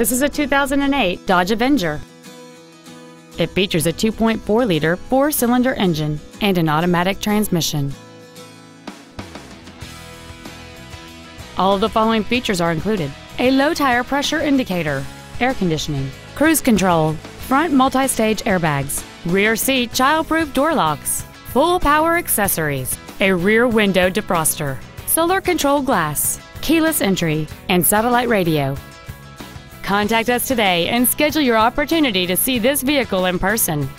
This is a 2008 Dodge Avenger. It features a 2.4 liter four cylinder engine and an automatic transmission. All of the following features are included a low tire pressure indicator, air conditioning, cruise control, front multi stage airbags, rear seat child proof door locks, full power accessories, a rear window defroster, solar control glass, keyless entry, and satellite radio. Contact us today and schedule your opportunity to see this vehicle in person.